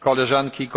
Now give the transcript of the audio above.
koleżanki